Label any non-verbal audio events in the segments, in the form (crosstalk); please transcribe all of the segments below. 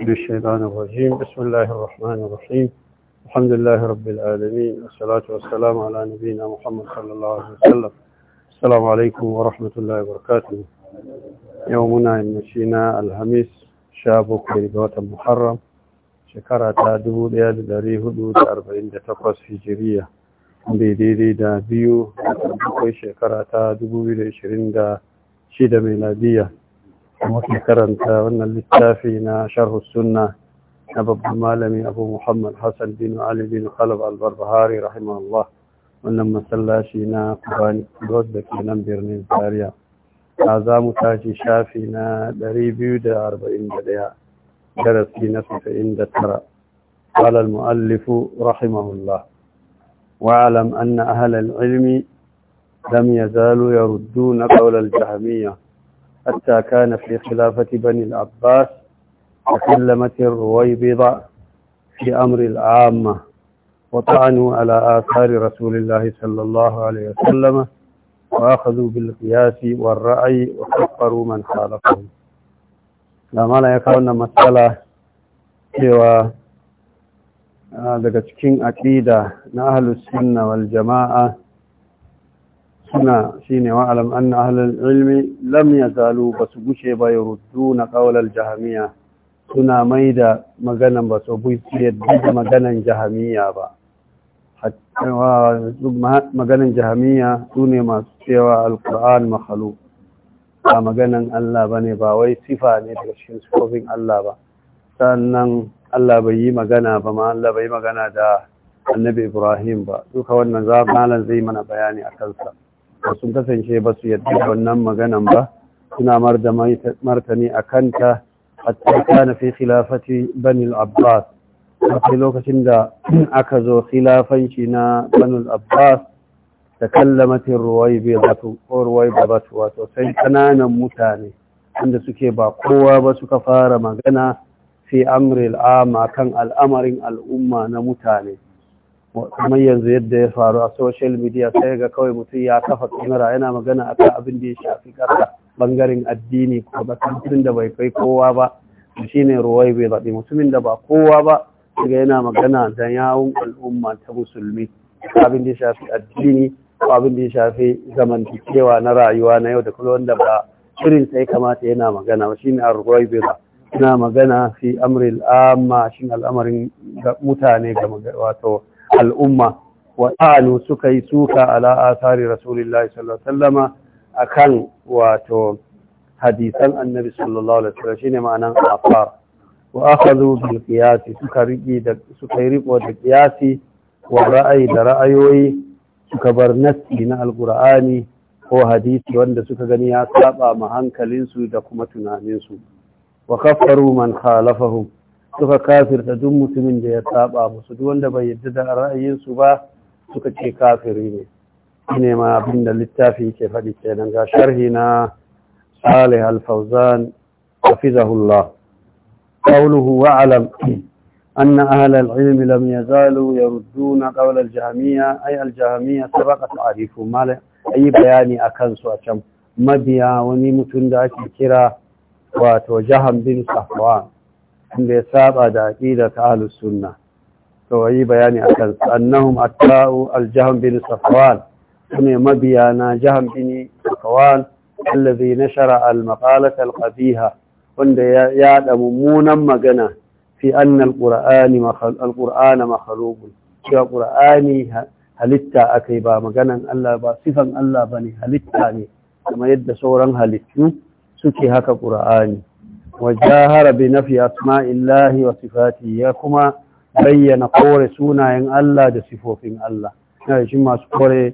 بالشيطان الرجيم بسم الله الرحمن الرحيم الحمد لله رب العالمين والصلاة والسلام على نبينا محمد صلى الله عليه وسلم السلام عليكم ورحمة الله وبركاته يومنا يمشينا الهميس شابك لبوة محرم شكرا تادو ليال داري هدود أربعين دتقص هجرية بيديدي دا بيو شكرا تادو بيو لعشرين دا شيدة ميلادية موسي كرنتا وان اللتا فينا شره السنة نبب المالمي أبو محمد حسن بن علي بن خلب البربهاري رحمه الله ونما لما سلا شينا قباني قدود بكينا برنين تاريا عزام تاجي شافينا داري بيودة أربعين جديا جرس في نصف عند ترى قال المؤلف رحمه الله واعلم أن أهل العلم لم يزالوا يردون قول الجهمية حتى كان في خلافة بني العباس وسلمت الرويبضة في أمر العامة وطعنوا على آثار رسول الله صلى الله عليه وسلم وأخذوا بالقياس والرأي وكفروا من خالفهم لما لا يكون مسألة سوى daga cikin aƙida na ahalus sunna wal jama'a suna shine wa alam anna ahlul ilmi lam yazalu basu gushe ba na qawlal jahmiya suna maida maganan ba su buce da maganan jahmiya ba maganan jihamiya su ne masu cewa alkur'an makhalu ba maganan Allah ba ne ba wai sifa ne daga cikin sifofin Allah ba sannan Allah bai yi magana ba ma Allah bai yi magana da annabi Ibrahim ba duka wannan za zai mana bayani a kansa ba sun kasance ba su yadda wannan maganan ba suna mar da martani a kanta a hatta na fi khilafati banil Abbas. abbas sai lokacin da aka zo khilafanci na banil abbas da kallamatin ruwai bai batu ko ruwai ba batu wato sai kananan mutane wanda suke ba kowa ba suka fara magana fi amril al'ama kan al'amarin al'umma na mutane kamar yanzu yadda ya faru a social media sai ga kawai mutum ya kafa kamera yana magana akan abin da ya shafi ƙasa bangaren addini ko ba mutumin da bai kai kowa ba shine ruwai bai zaɓi mutumin da ba kowa ba daga yana magana da yawun al'umma ta musulmi abin da ya shafi addini ko abin da ya shafi zamantakewa na rayuwa na yau da kullum wanda ba shirin sai kamata yana magana ba shine ar-ruwai bai ba yana magana fi amril amma shin al'amarin mutane ga wato al'umma wa ta'anu suka yi suka ala asari rasulullahi sallallahu akan wato hadisan annabi sallallahu shine ma'anan afar wa akhadhu bil qiyas suka riki da suka da wa ra'ayi da ra'ayoyi suka bar nassi na alqur'ani ko hadisi wanda suka gani ya saba ma hankalinsu da kuma tunaninsu wa kaffaru man khalafahum suka kafirta duk mutumin da ya saba musu duk wanda bai yadda da ra'ayinsu ba suka ce kafiri ne ne ma abin da littafi ke faɗi kenan ga sharhi na Salih Al-Fawzan hafizahullah qawluhu wa alam أن أهل العلم لم يزالوا يردون قول الجهمية أي الجهمية سبق تعريف ما أي بياني Mabiya wani mutum وني ake kira وتوجهم بن صفوان inda ya saba da aqida ta ahlus sunna to yi bayani akan annahum atta'u al-jahm bin safwan mabiya na jahm bin safwan alladhi nashara al-maqalat wanda ya yada mummunan magana fi anna al-qur'ani makhluqun cewa qur'ani halitta akai ba maganan Allah ba sifan Allah bane halitta ne kamar yadda sauran halittu suke haka qur'ani وجاهر بنفي أسماء الله وصفاته يكما Ya قول سونا إن الله دا صفوفين الله شما سقول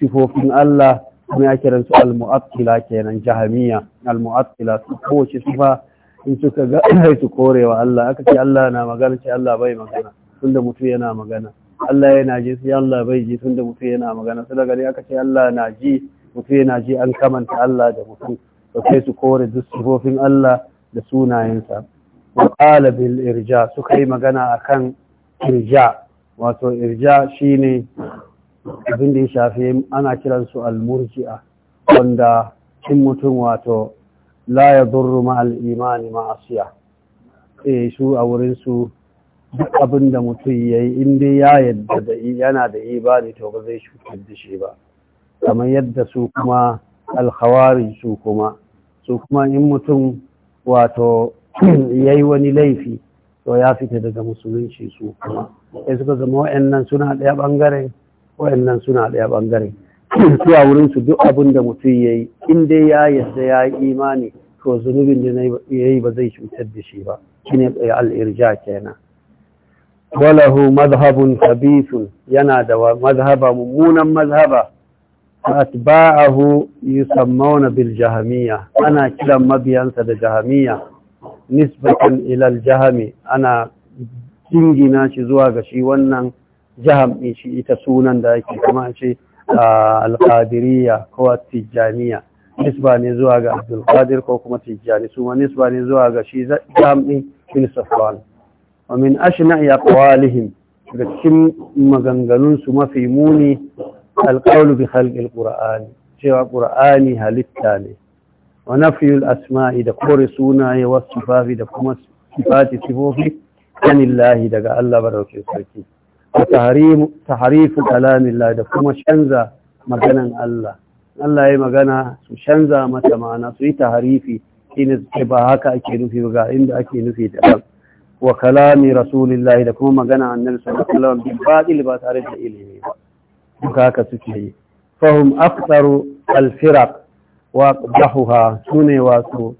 صفوفين الله kuma ya kiransu al-mu'attila kenan jahamiya al-mu'attila su kowace in suka ga su korewa Allah aka ce Allah na magana ce Allah bai magana tunda mutum yana magana Allah yana ji sai Allah bai ji tunda mutum yana magana sai daga ne aka ce Allah na ji mutum yana ji an kamanta Allah da mutum da kai su kore duk sifofin Allah da sunayensa wa bil irja suka yi magana a kan irja wato irja shine abin da ya shafi ana kiransu al-murji'a wanda cin mutum wato la ya durru ma'al imani ma'asiya e su a wurinsu duk abin da mutum ya yi inda ya yadda da yana da yi ne to ba zai shuka da shi ba kamar yadda su kuma alkhawari su kuma su kuma in mutum wato (clears throat) ya yi wani laifi to ya fita daga musulunci su kuma sai suka zama wa'annan suna ɗaya ɓangare wa'annan suna ɗaya ɓangare (clears throat) su wurin wurinsu duk abin da mutum ya yi in dai ya yarda ya yi imani to zunubin da ya yi ba zai cutar da shi ba shi ne al'irja kenan walahu mazhabun khabithun yana da mazhaba mummunan mazhaba atba'ahu yusammawna bil jahamiyya ana kiran mabiyansa da jahmiya nisbatan ila al jahami ana jingina shi zuwa ga shi wannan jaham shi ita sunan da yake kuma ce al qadiriyya ko tijaniya nisba ne zuwa ga abdul qadir ko kuma tijani su nisba ne zuwa ga shi jaham din bin safwan wa min ashna'i aqwalihim da cikin maganganunsu mafi muni alƙaulu bi halƙil ƙura'ani cewa ƙura'ani halitta ne wa nafiyul asma'i da kore sunaye wasu sifafi da kuma sifati sifofi anillahi daga Allah barauke sarki ta harifu kalamillah da kuma canza maganan Allah Allah ya magana su canza mata ma'ana su yi ta harifi shine ba haka ake nufi ga inda ake nufi da kan wa kalami rasulillahi da kuma magana annabi sallallahu alaihi wasallam bi ba tare da ilimi ba duka haka suke yi fahim aftaru alfirak wa bahuha su ne wato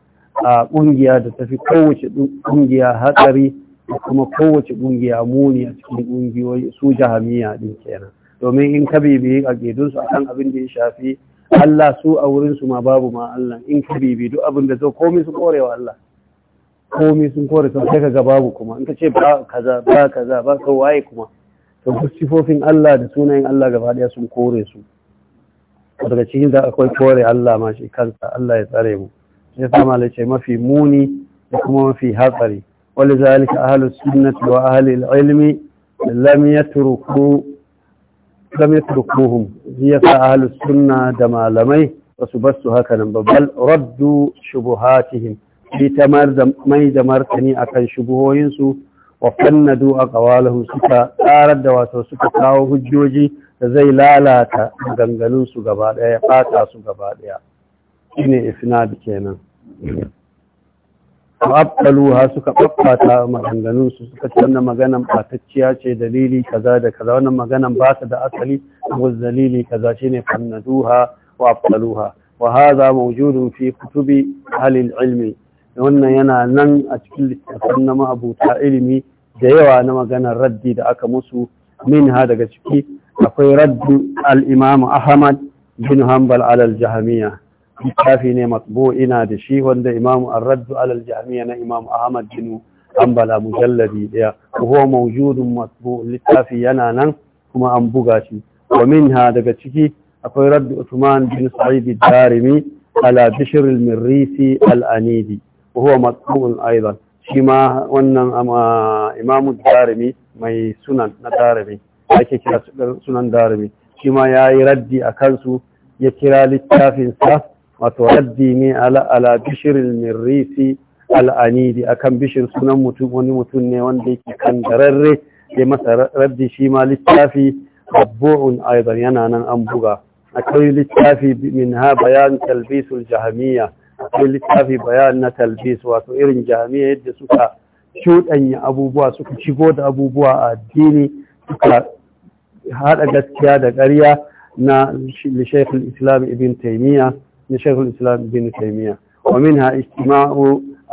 a ƙungiya da tafi kowace ƙungiya hatsari da kuma kowace ƙungiya muni a cikin ƙungiyoyi su jahamiya din kenan domin in ka bibiyi a gedunsu akan abin da ya shafi Allah su a wurinsu ma babu ma Allah in ka bibiyi duk abin da zo komai kore wa Allah komai sun kore sun kai ka ga babu kuma in ka ce ba kaza ba kaza ba ka waye kuma da sifofin Allah da sunayen Allah gaba daya sun kore su daga cikin da akwai kore Allah ma shi kansa Allah ya tsare mu sai sa malai mafi muni da kuma mafi hatsari wali zalika ahlus sunnati wa ahli ilmi lam yatruku lam yatrukuhum yasa ahlus suna da malamai basu basu haka nan bal raddu shubuhatihim bi tamar mai da martani akan shubuhoyinsu wa a aqwalahum suka tsarar da wato suka kawo hujjoji da zai lalata maganganun su gaba daya fata su gaba daya shine isnad kenan ha suka babbata maganganun su suka ce wannan maganan batacciya ce dalili kaza da kaza wannan maganan ba ta da asali ko dalili kaza shine fannaduha wa ha wa hadha mawjudun fi kutubi ahli al-ilmi wannan yana nan a cikin littattafan na mahabuta ilimi da yawa na maganar raddi da aka musu Min ha daga ciki akwai raddu al ahmad bin hanbal alal jahamiya littafi ne matbo ina da shi wanda imam al raddu alal jahamiya na imam ahmad bin hanbal mujalladi ɗaya. kuwa mawjudun matbo littafi yana nan kuma an buga shi wa ha daga ciki akwai raddu usman bin sa'id darimi ala bishr al-mirrisi al-anidi huwa matsu'un aidan shi ma wannan imamu darimi mai sunan na darimi ake kira sunan darimi shi ya yi raddi a kansu ya kira littafinsa wato raddi ne ala bishirin mirrisi al'anidi akan bishir sunan mutum wani mutum ne wanda yake kan dararre ya masa raddi shima littafi abbu'un aidan yana nan an buga akwai littafi min ha bayan talbisul jahamiya akwai littafi bayan na talbis wato irin jami'a yadda suka cuɗanya abubuwa suka shigo da abubuwa a addini suka haɗa gaskiya da ƙarya na shekul islam ibn taimiyya na shekul islam ibn taimiyya wa min ha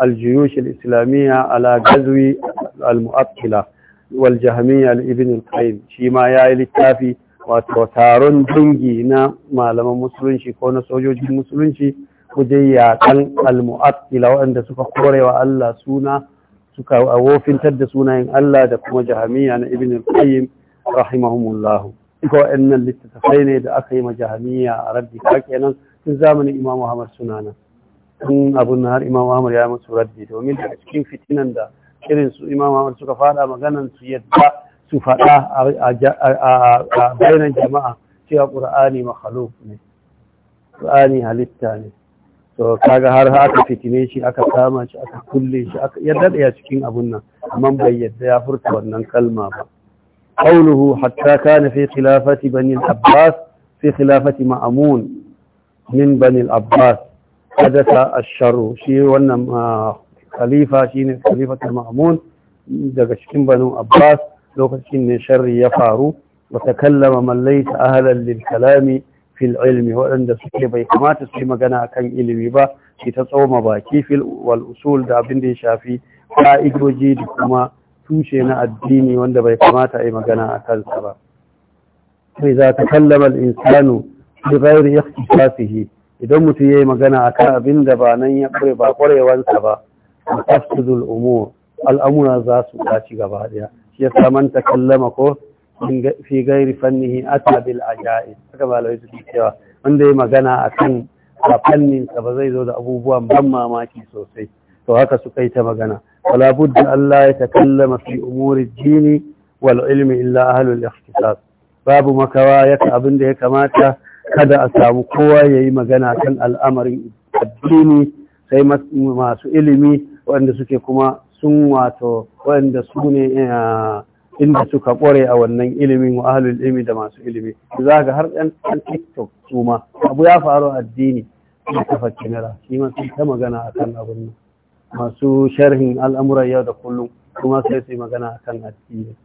al-juyush islamiyya ala gazwi al-mu'attila wal jahmiyya ibn al-qayyim shi ma yayi littafi wato taron dangi na malaman musulunci ko na sojojin musulunci wajen yaƙan almu'attila waɗanda suka korewa Allah suna suka wofintar da sunayen Allah da kuma jahamiya na ibn al-qayyim rahimahumullahu ko waɗannan littattafai ne da aka yi ma jahamiya a raddi ka kenan tun zamanin imam Muhammad sunana tun abun har imam Muhammad ya musu raddi domin daga cikin fitinan da irin su imam Muhammad suka fada maganan su yadda su faɗa a bayanan jama'a cewa qurani makhluq ne qurani halitta ne to kaga har aka fitine shi aka kama shi aka kulle shi aka ya a cikin abun nan amma bai yadda ya furta wannan kalma ba qawluhu hatta kana fi khilafati bani al-abbas fi khilafati ma'mun min bani al-abbas hadatha ash-sharr shi wannan ah, khalifa shine khalifatu ma'mun daga cikin bani abbas lokacin ne sharri ya faru wa takallama man laysa ahlan lil kalami fil ilmi waɗanda suke bai kamata su yi magana kan ilimi ba shi ta tsoma baki fil wal usul da abin da ya shafi ka'idoji da kuma tushe na addini wanda bai kamata a yi magana a kansa ba sai za ta kallama insanu bi ghairi ikhtisasihi idan mutum yayi magana akan abin da ba nan ya kure ba kwarewansa ba tafsidul umur al'amura za su ɗaci gaba ɗaya shi ya samanta kallama ko fi gairi fannihi ata bil ajaib haka malamai suke cewa wanda ya magana akan a fannin ba zai zo da abubuwan ban mamaki sosai to haka suka yi ta magana wala budda Allah ya takallama mafi umuri jini, wal ilmi illa ahlul ikhtisas babu makawa ka abin da ya kamata kada a samu kowa yayi magana kan al'amarin addini sai masu ilimi wanda suke kuma sun wato wanda su ne eh, inda suka kware a wannan ilimin wa ahlul ilmi da masu ilimi za ga har ɗan ɗan tiktok su ma abu ya faru addini da kafa kimira shi ma ta magana akan abin nan masu sharhin al'amuran yau da kullum kuma sai su yi magana akan addini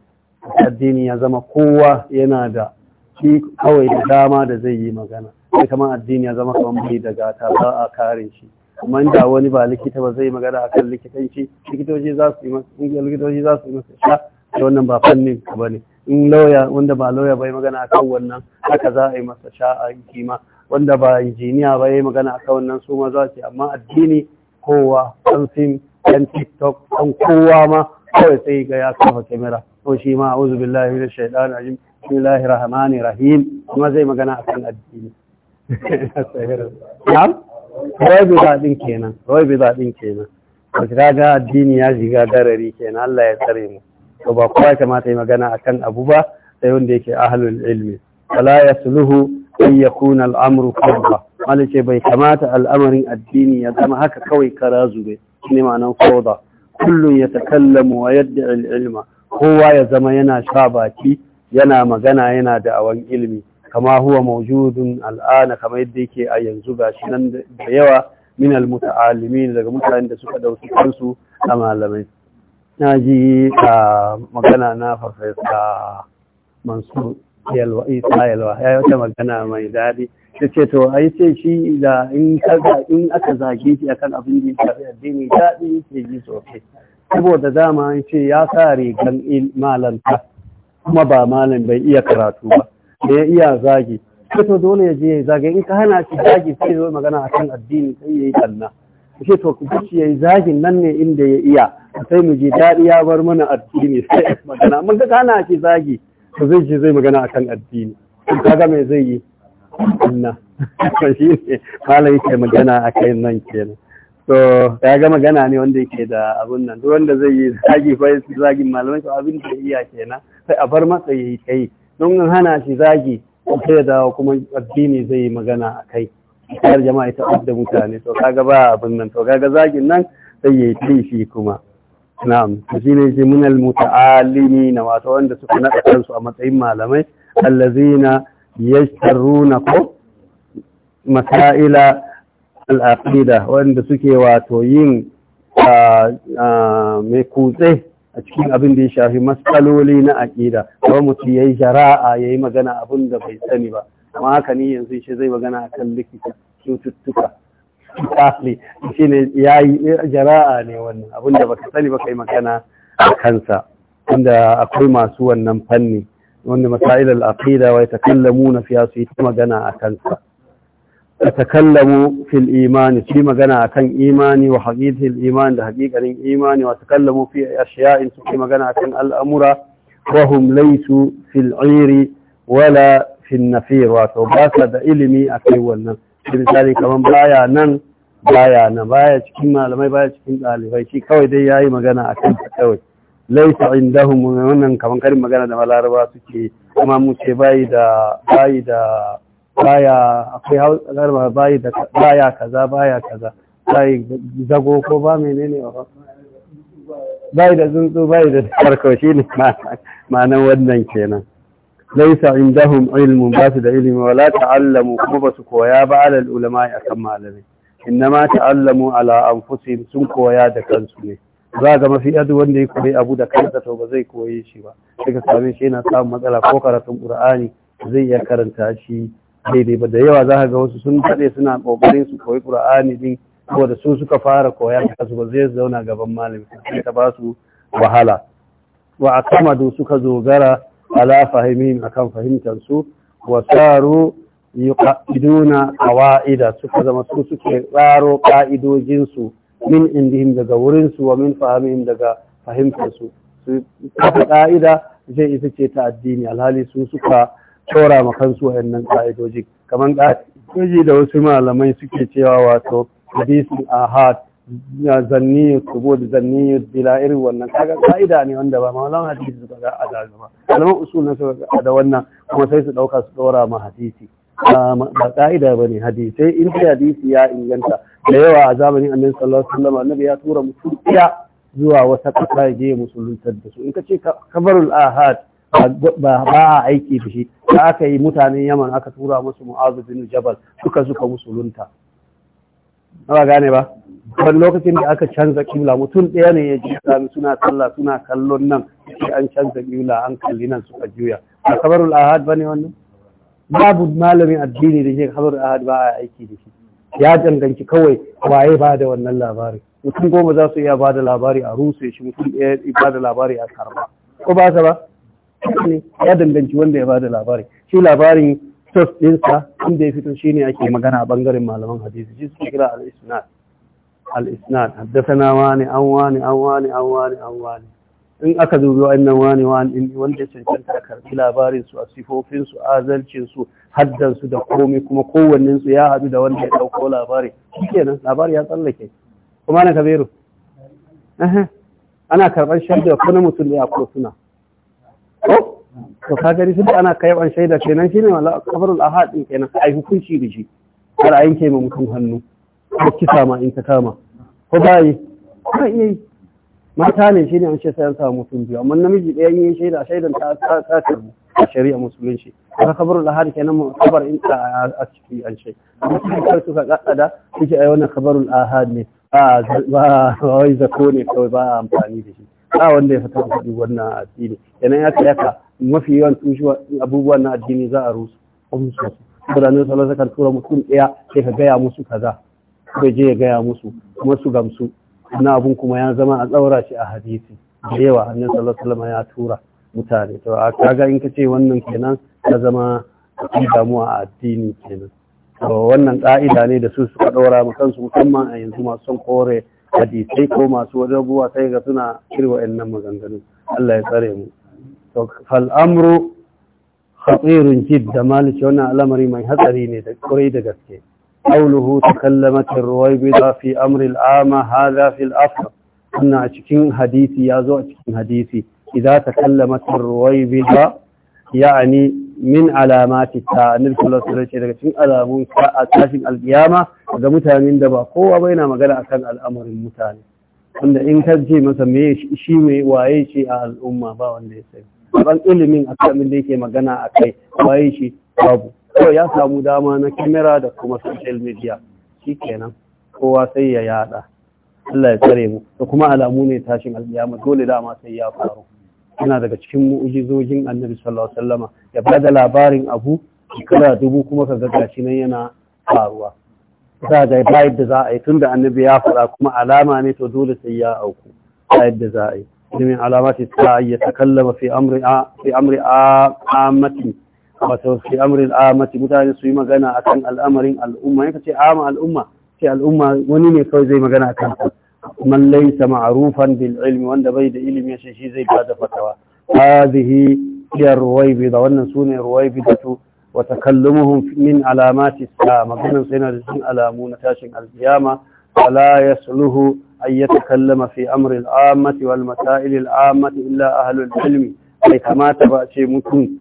addini ya zama kowa yana da shi kawai da dama da zai yi magana sai kama addini ya zama kamar bai da gata a kare shi amma inda wani ba likita ba zai magana akan likitanci likitoci za su yi masa sha wannan ba fannin ba ne. in lauya wanda ba lauya bai magana kan wannan haka za a yi masa sha'a kima wanda ba injiniya ba yi magana kan wannan su ma za su amma addini kowa ɗan sim ɗan tiktok ɗan kowa ma kawai sai ga ya kafa kamera ko shi ma a'udhu billahi minash shaitani rajim bismillahir rahmanir rahim kuma zai magana akan addini (laughs) na'am rawai bi zaɗin kenan rawai bi zaɗin kenan ka ga addini ya shiga darari kenan Allah ya tsare mu to ba kowa kamata yi magana akan abu ba sai wanda yake ahlul ilmi wala yasluhu an yakuna al'amru fawda malice bai kamata al'amarin addini ya zama haka kawai kara zube shine ma'anan fawda kullun yatakallamu wa yad'i al-ilma kowa ya zama yana sha baki yana magana yana da awan ilmi kama huwa mawjudun al'ana kamar yadda yake a yanzu gashi nan da yawa min al-muta'allimin daga mutanen da suka dauki kansu a malamai na ji a magana na farfesa mansur yalwa isa yalwa ya yi wata magana mai daɗi da ce to a yi ce shi da in in aka zage shi akan abin da ya shafi addini daɗi ke ji sosai saboda dama ya ce ya sa rigan malanta kuma ba malam bai iya karatu ba da ya iya zagi to dole ya je ya zage in ka hana shi zagi sai zo magana akan addini sai ya yi kanna ce to ku ya yi zagin nan ne inda ya iya sai mu je daɗi ya bar mana addini sai magana mun ga kana ce zagi to zai je zai magana akan addini kaga me zai yi na. (laughs) shi ne malam yake magana akai nan kenan to ya ga magana ne wanda yake da abun nan duk wanda zai yi zagi fa zagi malamai to abin da iya kenan sai a bar masa yayi kai don hana shi zagi sai ya dawo kuma addini zai yi magana akai kayar jama'a ita da mutane to kaga ba abin nan to kaga zagin nan sai yayi tishi kuma na'am shi ne shi min almuta'allimina wato wanda suka nada kansu a matsayin malamai allazina yashtaruna ko masaila al-aqida wanda suke wato yin mai kutse a cikin abin da ya shafi matsaloli na aƙida kuma mutum yayi jara'a ya magana abin da bai sani ba amma haka ni yanzu shi zai magana a kan likita cututtuka misali shi ya yi jara'a ne wannan abin da baka sani baka yi magana a kansa inda akwai masu wannan fanni wanda masail al-aqida wa na fiya su yi magana a kansa yatakallamu fil imani su magana akan imani wa haqiqatil iman da haqiqanin imani wa takallamu fi ashiya'in su magana akan al'amura wa hum laysu fil 'iri wala fin nafir wato ba sa da ilimi a kai wannan misali kamar baya nan baya nan baya cikin malamai baya cikin ɗalibai shi kawai dai yayi magana a kan ta kawai laisa indahum wannan kamar karin magana da malaraba suke kuma mu ce bayi da bayi da baya akwai hausa bayi da baya kaza baya kaza bayi zago ko ba menene ba bayi da tsuntsu bayi da tarko shi ne ma'anar wannan kenan laisa indahum ilmun ba su da ilimi wala ta'allamu kuma ba su koya ba alal ulama a kan malamai innama ta'allamu ala anfusihim sun koya da kansu ne za ga mafi yadda wanda ya koyi abu da kansa to ba zai koye shi ba sai ka same shi yana samun matsala ko karatun qur'ani zai iya karanta shi daidai ba da yawa za ka ga wasu sun daɗe suna kokarin su koyi qur'ani din ko da su suka fara da kansu ba zai zauna gaban malami sai ta ba su wahala wa akamadu suka zogara ala fahimim akan fahimtar su wa saru yuqiduna suka zama su suke tsaro ƙa'idojinsu su min indihim daga wurinsu wa min fahimihim daga fahimtarsu kafa ka'ida zai ita ce ta addini alhali su suka tsora ma kansu yannan ƙa'idoji kamar ka'idoji da wasu malamai suke cewa wato hadisin ahad zanni kubud zanni bila irin wannan kaga ka'ida ne wanda ba malaman hadisi suka ga adalu ba malaman usul na suka ga da wannan kuma sai su dauka su dora ma hadisi ba ka'ida ba ne hadisai in sai hadisi ya inganta da yawa a zamanin annabi sallallahu alaihi wasallam annabi ya tura mutum zuwa wata kasa ya je musuluntar da su in ka ce kabarul ahad ba a aiki da shi da aka yi mutanen yaman aka tura musu mu'azu bin jabal suka suka musulunta ba gane ba wani lokacin da aka canza kibla mutum ɗaya ne ya ji sami suna sallah suna kallon nan sai an canza kibla an kalli nan suka juya a kabarul ahad ba ne wannan babu malamin addini da ke kabarul ahad ba a aiki da shi ya danganci kawai waye ba da wannan labari mutum goma za su iya ba da labari a rusa shi mutum ɗaya ba da labari a karba ko ba ta ba ya danganci wanda ya ba da labari shi labarin sos ɗinsa inda ya fito shine ake magana a bangaren malaman hadisi shi suke kira al-isnad الاسناد حدثنا haddathana wani an wani an wani an wani an wani in aka zo wa'annan wani wani wanda ya cancanta a karbi labarin su a sifofin su azalcin su haddan su da komai kuma kowannen su ya hadu da wanda ya dauko labari shikenan labari ya tsallake kuma na kabiru ana karban shaida ko na mutum ya ko suna ko to ka gani sun ana ban shaida kenan shine wala kabarul ahad kenan ai hukunci biji shi har a yanke mutum hannu ko kisa ma in ta kama ko ba yi iya yi mata ne shi ne an ce sai an samu mutum biyu amma namiji ɗaya yin shaida shaidan ta ta a shari'a musulunci aka kabar da kenan mu kabar in a ciki an ce amma kar suka kaddada suke ai wannan kabarul ahad ne a ba wai zako ne kawai ba a amfani da shi ba wanda ya fata kudi wannan addini kenan ya yaka mafi yawan tushuwa abubuwan na addini za a rusu kuma su da nan sallallahu alaihi wasallam tura mutum ɗaya sai ka gaya musu kaza ya je ya gaya musu kuma su gamsu na abun kuma ya zama a tsaura shi a hadisi da yawa annabi sallallahu ya tura mutane to a kaga in ka ce wannan kenan ya zama a damuwa a addini kenan to wannan ka'ida ne da su suka ɗora mu kansu musamman a yanzu masu son kore hadisai ko masu wajen buwa sai ga suna kirwa wa'annan maganganu Allah ya tsare mu to fal amru khatirun jidda malici wannan al'amari mai hatsari ne da kurai da gaske قوله تكلمت الرويبده في امر العام هذا في الاصل ان اчкин حديثي يازو اчкин حديثي اذا تكلمت الرويبده يعني من علامات التاء نقول سرچه daga cikin alamun ka a cikin alqiyama ga mutanen da ba kowa baina magana akan al'amarin mutane wanda in ka ce masa me shi me waye shi a al'umma ba wanda ya sani ban ilimin akan abin da yake magana akai waye shi babu kawai ya samu dama na kamera da kuma social media shi kenan kowa sai ya yada Allah ya tsare mu da kuma alamu ne tashin alƙiyama dole dama sai ya faru yana daga cikin mu'ujizojin annabi sallallahu alaihi wasallama ya bada labarin abu shekara dubu kuma ka ga gashi nan yana faruwa za ga ba yadda za a yi tunda annabi ya fara kuma alama ne to dole sai ya auku ba yadda za a yi alama ce ta ya kallama fi amri a fi amri a amati wato fi amrin amati mutane su yi magana akan al'amarin al'umma yaka ce ama al'umma ce al'umma wani ne kawai zai magana akan man laysa ma'rufan bil ilmi wanda bai da ilimi shi shi zai bada fatawa hadhihi ya ruwaybida wannan sune ruwaybidatu wa takallumuhum min alamati sa maganan sai na cikin alamu na tashin alkiyama wala yasluhu an yatakallama fi amri al'amati wal masail al'amati illa ahlul ilmi bai kamata ba ce mutum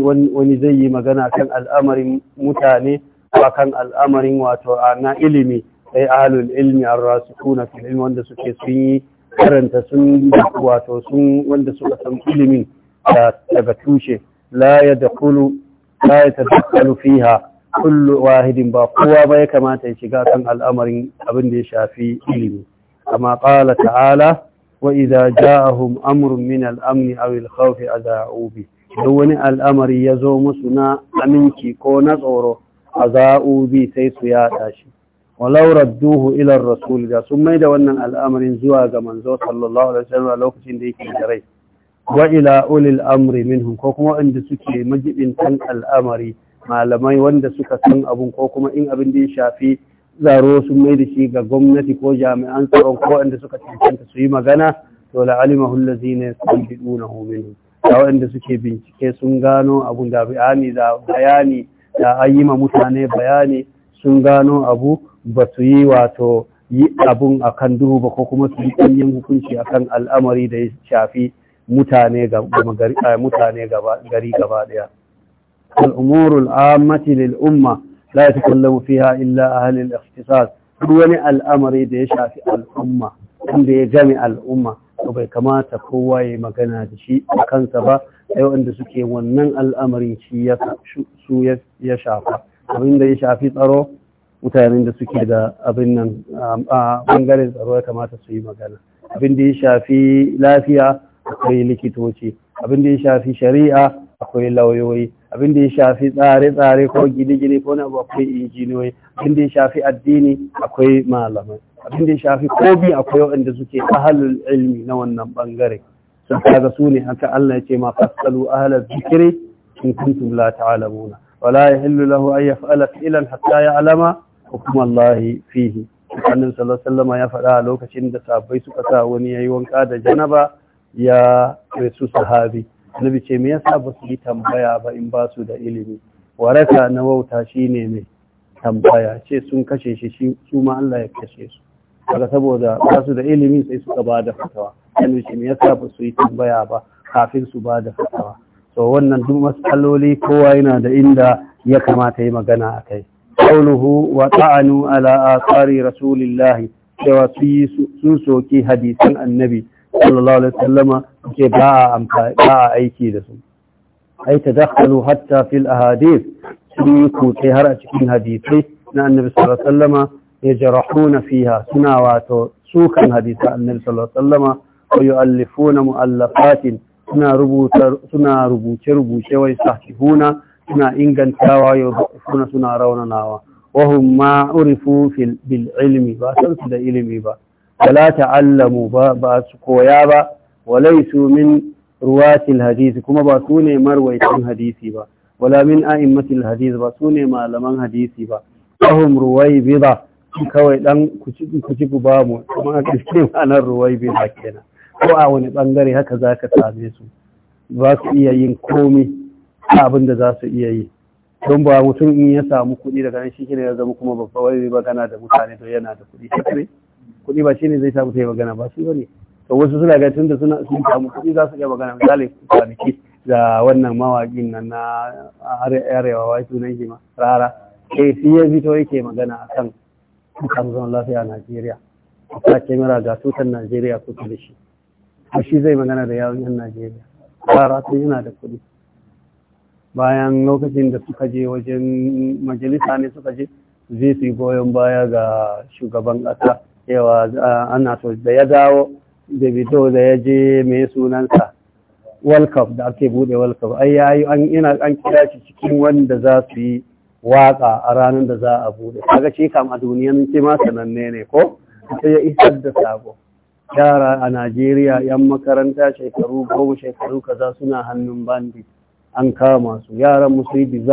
wani zai yi magana kan al'amarin mutane ba kan al'amarin wato na ilimi sai ahlul ilmi ar-rasikuna fil ilmi wanda suke sun yi karanta sun wato sun wanda suka san ilimin daga tushe la yadkhulu la yatadakhalu fiha kullu wahidin ba kowa ba ya kamata ya shiga kan al'amarin abin da ya shafi ilimi kama qala ta'ala wa idza ja'ahum amrun min al-amni aw al-khawfi adha'u bihi don wani al'amari ya zo musu na aminci ko na tsoro a za'ubi sai su yaɗa shi walau radduhu ilar rasul da sun mai da wannan al'amarin zuwa ga manzo sallallahu alaihi wasallam lokacin da yake da rai wa ila ulil amri minhum ko kuma inda suke majibintan al'amari malamai wanda suka san abun ko kuma in abin da ya shafi zaro sun mai da shi ga gwamnati ko jami'an tsaron ko inda suka cancanta su yi magana to la'alimahu allazina yastanbidunahu minhum da waɗanda suke bincike sun gano abu da bayani da bayani da ayyima mutane bayani sun gano abu ba su yi wato yi abun akan duhu ba ko kuma su yi ɗanyen hukunci akan al'amari da ya shafi mutane gaba gari gaba ɗaya al'umurul ammati lil umma la yatakallamu fiha illa ahli al-ikhtisas duk wani al'amari da ya shafi al'umma wanda ya game al'umma to bai kamata kowa ya magana da shi a kansa ba sai wanda suke wannan al'amarin shi su ya shafa abin da ya shafi tsaro mutanen da suke da abin nan um, a bangaren tsaro ya kamata su yi magana abin da ya shafi lafiya akwai likitoci abin da ya shafi shari'a akwai lauyoyi abin da ya shafi tsare-tsare ko gine-gine ko na akwai injiniyoyi abin da ya shafi addini akwai malamai abin da ya shafi kobi akwai waɗanda suke ahalul ilmi na wannan bangare sun kaga su ne haka Allah ya ce ma fasalu ahalar zikiri in kuntum la ta'lamuna wala yahillu lahu an yaf'ala fi'lan hatta ya'lama hukm Allah fihi annabi sallallahu ya faɗa a lokacin da sahabbai suka sa wani yayi wanka da janaba ya su sahabi annabi ce me yasa ba su yi tambaya ba in ba su da ilimi waraka na wauta shine mai tambaya ce sun kashe shi su ma Allah ya kashe su daga saboda ba su da ilimi sai suka ba da fatawa annabi ce me yasa ba su yi tambaya ba kafin su ba da fatawa To wannan duk matsaloli kowa yana da inda ya kamata yi magana a kai qauluhu wa ta'anu ala asari rasulillahi cewa su soki hadisan annabi sallallahu alaihi wasallama ke ba a aiki da su ai tadakhalu hatta fil ahadith sun yi kutse har a cikin hadisai na annabi sallallahu alaihi ya jarahuna fiha suna wato sukan hadisa annabi sallallahu alaihi wasallama wa yu'allifuna mu'allafatin suna rubuta suna rubuce rubuce wai sahihuna suna ingantawa yau suna raunanawa wahum ma urifu bil ilmi ba san su da ilimi ba wala ta'allamu ba ba su koya ba walaisu min ruwatil hadisi kuma ba su ne marwaitan hadisi ba wala min a'immatil hadisi ba su ne malaman hadisi ba ahum ruwaibida kawai dan kuci ku ba mu kuma a ƙarshe ma'anar ruwaibida kenan ko a wani bangare haka zaka same su ba su iya yin komai abin da za su iya yi don ba mutum in ya samu kuɗi daga nan shi ne ya zama kuma babba wani ba kana da mutane to yana da kuɗi kuɗi ba ne zai samu ta yi magana ba su bane to wasu suna ga da suna sun samu kuɗi za su iya magana misali kwanaki da wannan mawaƙin nan na arewa wai sunan shi ma rara eh shi ya fito yake magana akan kan zaman lafiya a Najeriya ta kemira ga tutan Najeriya kuka da shi a shi zai magana da yawon yan Najeriya rara sun yana da kuɗi bayan lokacin da suka je wajen majalisa ne suka je zai su yi goyon baya ga shugaban ƙasa cewa ana so da ya dawo da bito da ya je mai sunansa world cup da ake bude world cup ai yayi an ina an kira shi cikin wanda za su yi waka a ranar da za a bude kaga shi kam a duniyan ce ma sananne ne ko sai ya isar da sako yara a Najeriya yan makaranta shekaru goma shekaru kaza suna hannun bandi. an kama su yaran musu yi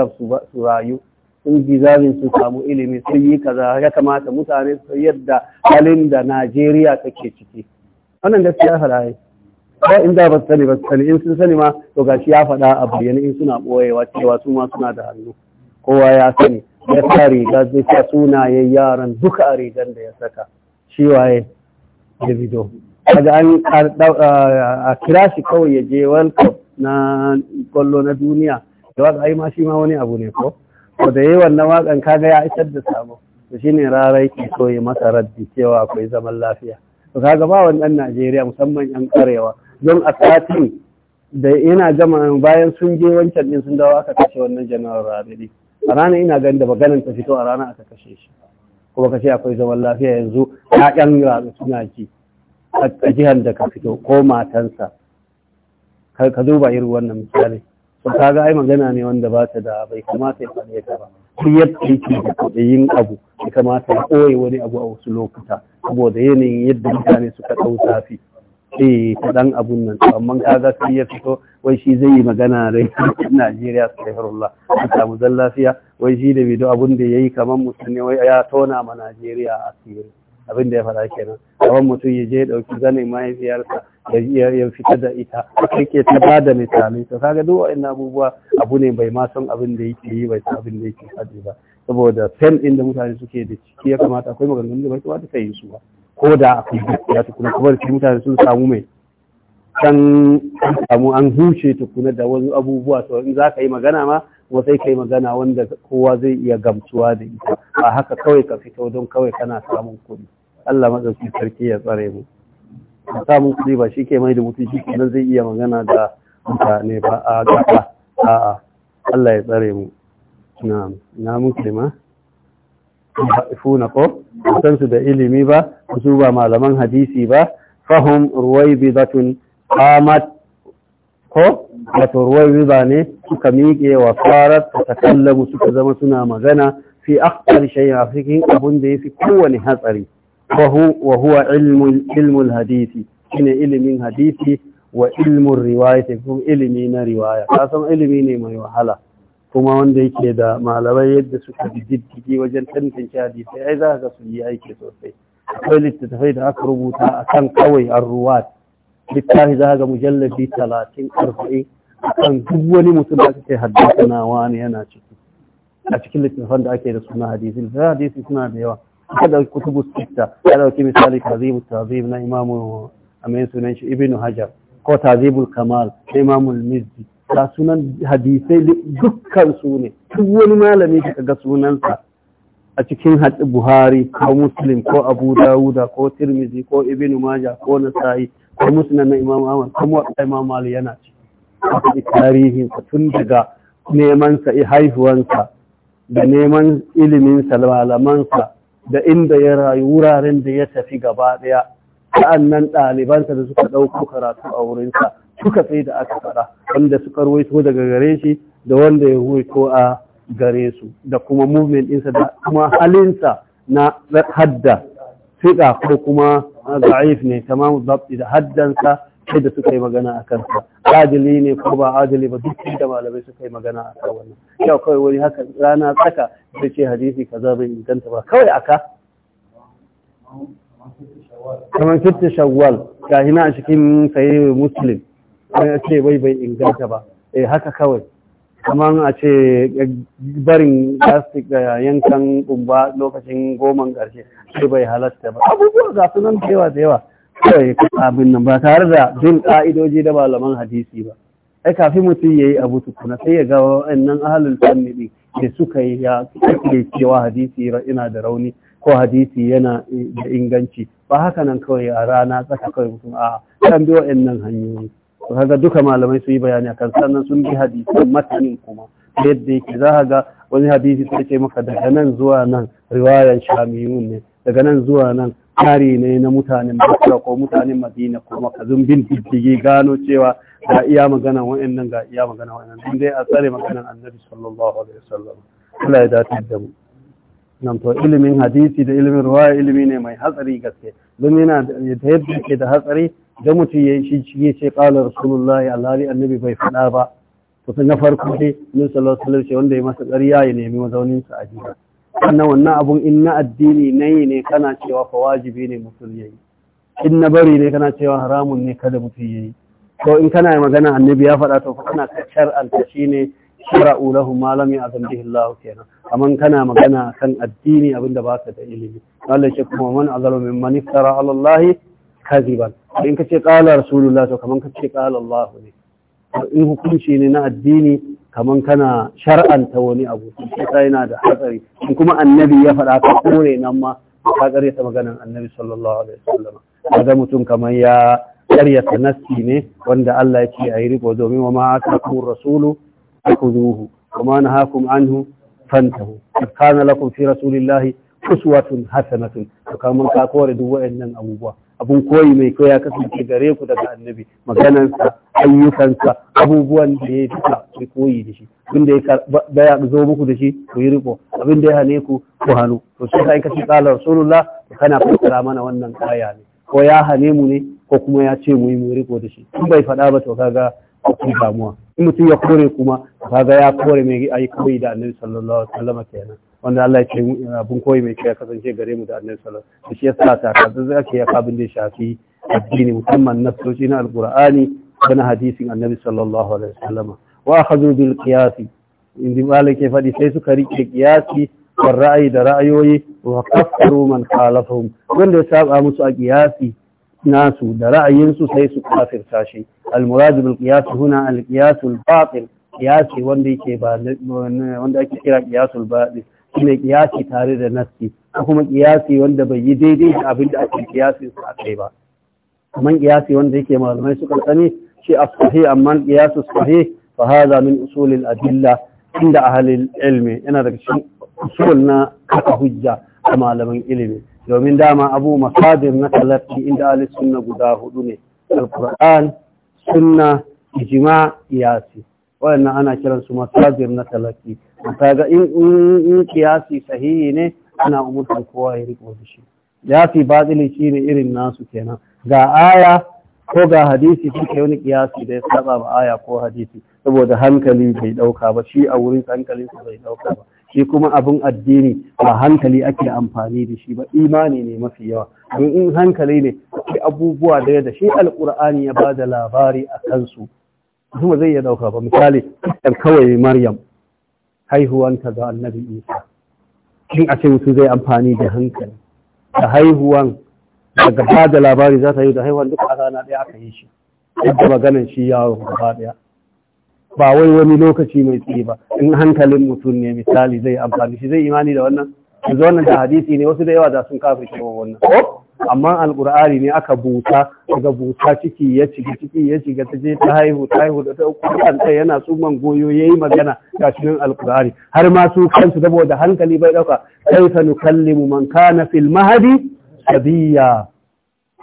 su rayu sun gizazin sun samu ilimi sun yi kaza ya kamata mutane su yadda halin da Najeriya take ciki wannan gaskiya faɗa yi ba in ba su sani ba su sani in sun sani ma to ga shi ya faɗa a bayyane in suna ɓoyewa cewa su ma suna da hannu kowa ya sani ya sa riga zai sa sunayen yaran duka a rigar da ya saka shi waye davido kaga an a kira shi kawai ya je wanka na kwallo na duniya da wata ai ma shi ma wani abu ne ko ko da yi wannan wakan kaga ya isar da sabo to shine rarai ke so masa raddi cewa akwai zaman lafiya to kaga ba wannan Najeriya musamman yan karewa don a satin da ina gama bayan sun je wancan din sun dawo aka kashe wannan janar rabiri a ranar ina ganin da maganin ta fito a ranar aka kashe shi kuma ka ce akwai zaman lafiya yanzu ƴaƴan rabi suna ji a jihar da ka fito ko matansa ka duba irin wannan misali to ga ai magana ne wanda ba ta da bai kamata ya faɗe ta ba shi ya aiki da kuɗin abu ya kamata ya ɓoye wani abu a wasu lokuta saboda yanayin yadda mutane suka ɗau fi eh kaɗan abun nan amma kaga sai ya fito wai shi zai yi magana da Najeriya sahirullah ta samu zan lafiya wai shi da bido abun da yayi kamar musulmi wai ya tona ma Najeriya asiri abin da ya faɗa kenan kawan mutum ya je ya ɗauki zanin mahaifiyarsa ya fitar da ita yake ta ba da misali to kaga duk na abubuwa abu ne bai ma san abin da yake yi bai san abin da yake faɗi ba saboda fen inda da mutane suke da ciki ya kamata akwai maganganun da bai kamata yi su ba ko da akwai gaskiya tukuna kuma da mutane sun samu mai kan samu an huce tukuna da wasu abubuwa to in za ka yi magana ma kuma sai kai magana wanda kowa zai iya gamsuwa da ita A haka kawai ka fito don kawai kana samun kuɗi Allah madauki sarki ya tsare mu samun kuɗi ba shi ke mai da mutum shi kenan zai iya magana da mutane ba a gaba a'a Allah ya tsare mu na na muslima funa ko san su da ilimi ba su ba malaman hadisi ba fahum ruwaibidatun qamat ko wato ruwan riba ne suka miƙe wa farat ta kallabu suka zama suna magana fi akhtar shay a cikin abun da yafi kowane hatsari wa huwa ilmul hadisi shine ilimin hadisi wa ilmun riwayati kuma ilimi na riwaya ka san ilimi ne mai wahala kuma wanda yake da malamai yadda suka diddigi wajen tantance hadisai ai za ka ga su yi aiki sosai akwai littattafai da aka rubuta akan kawai an ruwat littafi za ga mujallabi talatin arba'in kan duk wani mutum da ake haddasa wani yana ciki a cikin littafan da ake da suna hadisi littafan hadisi suna da yawa aka dauki kutubu sita ya dauki misali tazibu tazib na imamu amin sunan shi ibnu hajar ko tazibul kamal na imamu mizzi ga sunan hadisai dukkan su ne duk wani malami ka ga sunansa a cikin buhari ko muslim ko abu dawuda ko tirmizi ko ibnu maja ko nasa'i ko musnad na imam ahmad ko muwatta imam yana ci aka tarihin tun daga neman sa haihuwansa da neman ilimin malamansa da inda ya rayu wuraren da ya tafi gaba daya sa'annan ɗalibansa da suka ɗauko karatu a wurinsa suka sai da aka faɗa wanda suka ruwaito daga gare shi da wanda ya ruwaito a gare su da kuma movement ɗinsa da kuma halinsa na hadda fiɗa ko kuma da'if ne tamamu zabt da haddansa sai da suka yi magana a kansa adali ne ko ba adali ba duk da malamai suka yi magana a kan wannan yau kawai wani haka rana saka? sai ce hadisi kaza bai inganta ba kawai aka kamar fitta shawwal ga hina a cikin sayi muslim sai ce bai bai inganta ba eh haka kawai kamar a ce eh, barin plastic da yankan ƙumba lokacin goman ƙarshe sai bai halatta ba abubuwa ga sunan da yawa da yawa kawai abin nan ba tare da bin ƙa'idoji da malaman hadisi ba ai kafin mutum ya yi abu tukuna sai ya ga wa'annan ahalin fanni din da suka yi ya ke cewa hadisi ina da rauni ko hadisi yana eh, da inganci ba haka nan kawai a rana tsaka kawai mutum a kan bi wa'annan hanyoyi kaga duka malamai su yi bayani akan sannan sun bi hadisan matanin kuma yadda yake za a ga wani hadisi sai ce maka daga nan zuwa nan riwayan shamiyun ne daga nan zuwa nan kari ne na mutanen Basra ko mutanen Madina ko makazin bin diddigi gano cewa ga iya magana wa'annan ga iya magana wa'annan din dai a tsare magana Annabi sallallahu alaihi wasallam Allah ya dace da mu nan to ilimin hadisi da ilimin riwaya ilimi ne mai hatsari gaske don yana da yadda yake da hatsari da mutum ya yi shi ce ƙala rasulullahi alhari annabi bai faɗa ba kusa na farko dai min sallallahu ce wanda ya masa ƙarya ya nemi mazauninsa a jiya sannan wannan abun in na addini na yi ne kana cewa fa wajibi ne mutum ya yi in na bari ne kana cewa haramun ne kada mutum ya yi ko in kana magana annabi ya faɗa to kana ka shar'anta ne shara'u lahu ma lam ya'zam bihi Allah kenan amma kana magana kan addini abinda baka da ilimi Allah ya kuma man azalu mimman iftara ala Allah kaziban in kace qala rasulullah to kaman kace qala Allah ne in hukunci ne na addini kaman kana shar'anta wani abu sai yana da hatsari in kuma annabi ya faɗa ka kore nan ma ka karyata maganar annabi sallallahu alaihi wasallam kaga mutum kaman ya karyata nasti ne wanda Allah ya ce ayi riko domin wa ma akakum rasulu akuduhu wa ma nahakum anhu fantahu kana lakum fi rasulillahi uswatun hasanatun to kaman ka kore duk waɗannan abubuwa abun koyi mai kyau ya kasance gare ku daga annabi maganansa ayyukansa abubuwan da ya duka ku koyi da shi abin da ya zo muku da shi ku yi riko Abinda ya hane ku ku hannu to sai kai kace qala ka kana fassara mana wannan kaya ne ko ya hane mu ne ko kuma ya ce mu yi mu riko da shi in bai faɗa ba to kaga ku damuwa in mutum ya kore kuma kaga ya kore mai ayi koyi da annabi sallallahu alaihi wasallam kenan wanda Allah ya ce abin koyi mai kyau ya kasance gare mu da annabi sallallahu alaihi wasallam shi yasa taka da ake yaka abin da ya shafi addini musamman nasoci na alqur'ani da na hadisin annabi sallallahu alaihi wasallam wa akhadhu bil qiyas indi malik ya fadi sai suka rike qiyasi war ra'ayi da ra'ayoyi wa kafaru man khalafahum wanda ya saba musu a qiyasi nasu da ra'ayinsu sai su kafirta shi al-murad bil qiyas huna al-qiyas al-batil qiyasi wanda yake ba wanda ake kira qiyasul batil shine kiyasi tare da naski ko kuma kiyasi wanda bai yi daidai da abin da ake kiyasi su akai ba kamar kiyasi wanda yake malamai suka sani shi a sahi amma qiyasu sahi fa hadha min usul al-adilla inda ahli ilmi yana daga cikin usul na kaka hujja a malaman ilimi domin dama abu masadir na talafi inda Ali sunna guda hudu ne Alqur'an sunna ijma' qiyasi wannan ana kiransu masadir na talafi kaga in in kiyasi sahihi ne ana umurtar kowa ya riko da shi kiyasi batili shine irin nasu kenan ga aya ko ga hadisi suke wani kiyasi da ya saba ba aya ko hadisi saboda hankali bai dauka ba shi a wurin hankalin su bai ɗauka ba shi kuma abin addini ba hankali ake amfani da shi ba imani ne mafi yawa don in hankali ne shi abubuwa da da shi alkur'ani ya ba da labari a kansu kuma zai iya ɗauka ba misali kawai maryam haihuwanka ga annabi isa in a ce mutum zai amfani da hankali da haihuwan daga ba da labari za ta yi da haihuwan duka a rana ɗaya aka yi shi yadda maganan shi yaro gaba ɗaya ba wai wani lokaci mai tsaye ba in hankalin mutum ne misali zai amfani shi zai imani da wannan yanzu wannan da hadisi ne wasu da yawa da sun kafa shi wannan amma alqur'ani ne aka buta daga buta ciki ya shiga ciki ya shiga ta je ta haihu ta haihu da ta kuran ta yana tsuman goyo yayi magana ga cikin alqur'ani har ma su kansu da hankali bai kai kaifa nukallimu man kana fil mahdi sabiya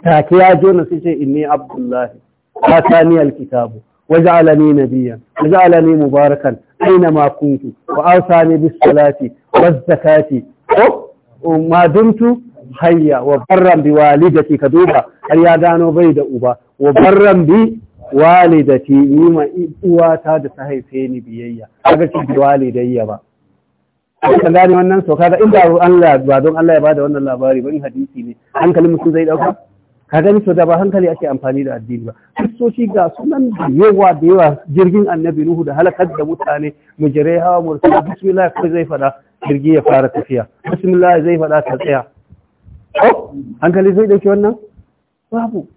ta ya jona sai inni abdullahi atani alkitabu وجعلني نبيا وجعلني Mubarakan, Aina Makuntu, وأوصاني بالصلاة والزكاة وما دمت hayya wa barran bi walidati ka duba har ya gano bai da uba wa barran bi walidati ni ma uwata da ta haife ni biyayya kaga ki bi walidayya ba kan gane wannan so kaga inda Allah ba don Allah ya bada wannan labari ba in hadisi ne hankalin mutum zai dauka ka gani so da ba hankali ake amfani da addini ba kristoci ga sunan da yawa da yawa jirgin annabi nuhu da halakar da mutane mujirai hawa mursala bismillah kai zai fada jirgi ya fara tafiya bismillah zai fada ta tsaya Oh, hankali zai dauki wannan babu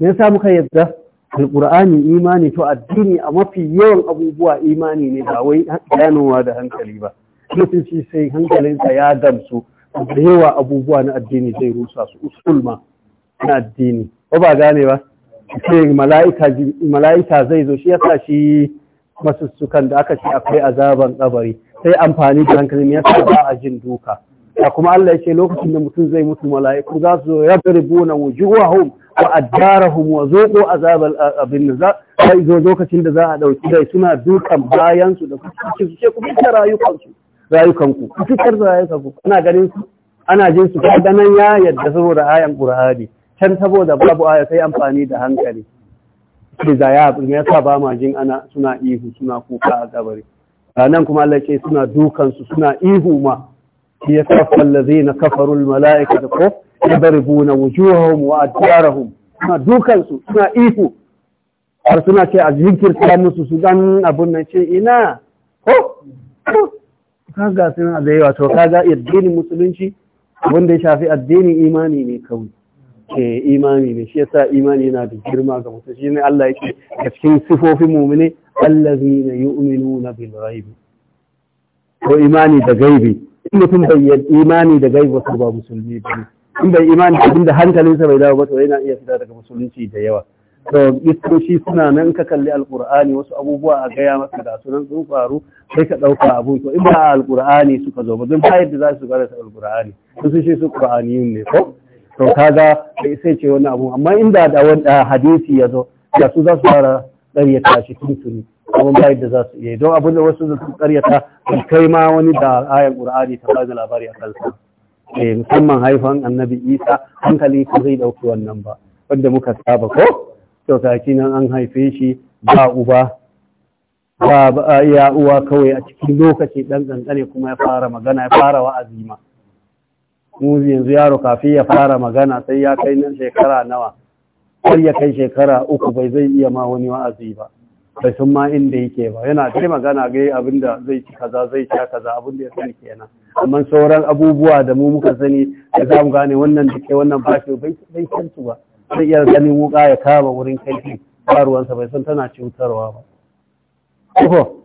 me yasa muka yadda alqur'ani imani to addini a mafi yawan abubuwa imani ne ba wai ganowa da hankali ba mutum shi sai hankalinsa ya gamsu da yawa abubuwa na addini zai rusa su usul na addini ko ba gane ba sai mala'ika zai zo shi yasa shi masussukan da aka ce akwai azaban kabari sai amfani da hankali ne yasa ba a jin duka da kuma Allah ya ce lokacin da mutum zai mutu mala'iku za su yadribuna wujuhahum wa addarahum wa zuqu azabal abin za sai zo lokacin da za a dauki dai suna dukan bayan su da kuke su ce ku fitar rayukan su rayukan ku ku fitar rayukan ku ana ganin su ana jin su kaga nan ya yadda saboda ayan qur'ani can saboda babu aya sai amfani da hankali da ya me yasa ba ma jin ana suna ihu suna kuka a kabari nan kuma Allah ya ce suna dukan su suna ihu ma يتوفى الذين كفروا الملائكة كف يضربون وجوههم وأدبارهم سنا dukansu سو سنا إيفو أرسنا كي أجهن jinkirta musu su gan abun nan ce هو ko سنا suna واتو yawa to المسلمين addinin musulunci abin da ya shafi ke eh, imani ne shi yasa imani yana da girma ga mutum shi ne Allah yake a cikin sifofin mu'mini allazina yu'minuna bil ghaibi ko imani da gaibi in mutum bai yi imani da gai wasu ba musulmi ba in bai imani da abinda hankalinsa bai dawo ba to yana iya fita daga musulunci da yawa to iskoshi suna nan ka kalli alqur'ani wasu abubuwa a gaya maka da sunan sun faru sai ka dauka abu to in ba alqur'ani suka zo ba don ba yadda za su gara alqur'ani to sun shi su qur'aniyun ne ko to kaga sai ce wani abu amma inda da wani ah, hadisi ya zo da su za su fara karyata shi tuntuni kuma ba yadda za su iya don abin da wasu sun karyata kai ma wani da ayan qur'ani ta bada labari a kansa eh musamman haifan annabi isa hankali ka zai dauki wannan ba wanda muka saba ko to kaki nan an haife shi ba uba ba ya uwa kawai a cikin lokaci dan kankane kuma ya fara magana ya fara wa'azi ma mu yanzu yaro kafin ya fara magana sai ya kai nan shekara nawa har ya kai shekara uku bai zai iya ma wani wa'azi ba bai sun ma inda yake ba yana ta magana ga abin da zai ci kaza zai ci kaza abin da ya sani kenan amma sauran abubuwa da mu muka sani da za mu gane wannan da wannan bashi bai san ba zai iya ganin wuka ya kama wurin kaifi faruwansa bai san tana cutarwa ba ko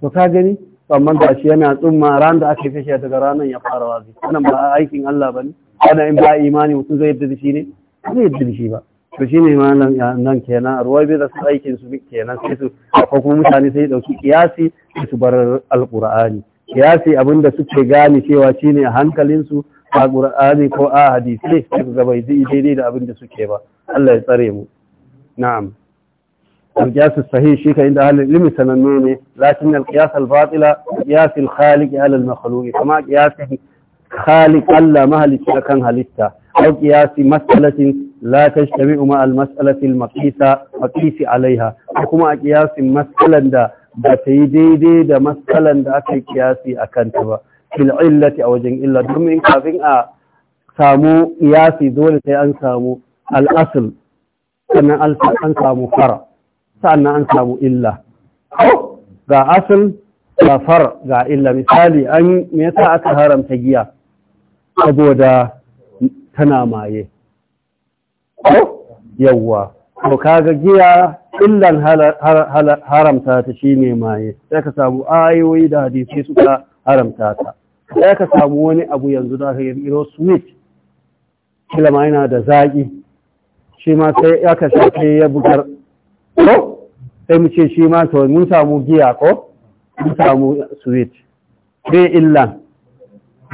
to ka gani amma da shi yana tsumma ran da aka fashe daga ranar ya fara wazi wannan ba aikin Allah bane ana in ba imani mutum zai yadda da shi ne zai yadda da shi ba to shi ne ma nan kenan ruwa bai da su aikin su kenan sai su ko kuma mutane sai dauki kiyasi su bar alqur'ani kiyasi abin da suke gani cewa shi ne hankalin su a qur'ani ko a hadisi sai su daidai da abin da suke ba Allah ya tsare mu na'am alqiyas sahih shi kai inda halin ilmi sananne ne lakin alqiyas albatila qiyas alkhaliq ala almakhluq kama qiyas khaliq Allah mahalicin kan halitta au qiyas masalatin la tashtabi'u ma al-mas'alati al-maqisa maqisi alaiha kuma a kiyasin mas'alan da ba ta yi daidai da mas'alan da aka yi kiyasi a kanta ba fil illati a wajen illa domin kafin a samu kiyasi dole sai an samu al-asl sannan an samu fara sannan an samu illa ga asl ga far ga illa misali an me yasa aka haramta giya saboda tana maye ko yawwa to kaga giya illan haramta ta shine maye sai ka samu ayoyi da hadisi suka haramta ta sai ka samu wani abu yanzu da aka iro sweet kila ma yana da zaƙi shi ma sai aka shafe ya bugar ko sai mu ce shi ma to mun samu giya ko mun samu sweet sai illan